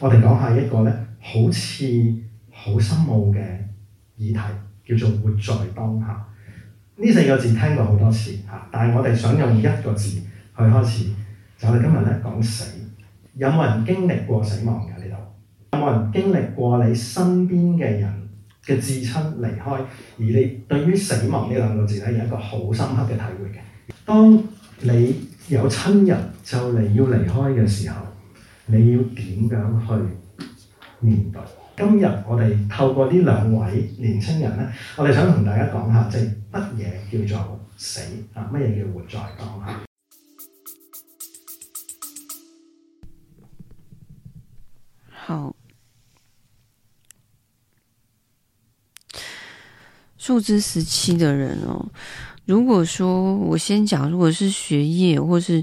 我哋講下一個呢，好似好深奧嘅議題，叫做活在當下。呢四個字聽過好多次，但係我哋想用一個字去開始，就係今日嚟講死。有冇人經歷過死亡㗎？呢度有冇人經歷過你身邊嘅人嘅至親離開？而你對於死亡呢兩個字呢，有一個好深刻嘅體會嘅。當你有親人就嚟要離開嘅時候。你要點樣去面對？今日我哋透過呢兩位年輕人呢，我哋想同大家講下，即係乜嘢叫做死啊？乜嘢叫活在當下？好，數字十七嘅人哦。如果說我先講，如果是學業或是。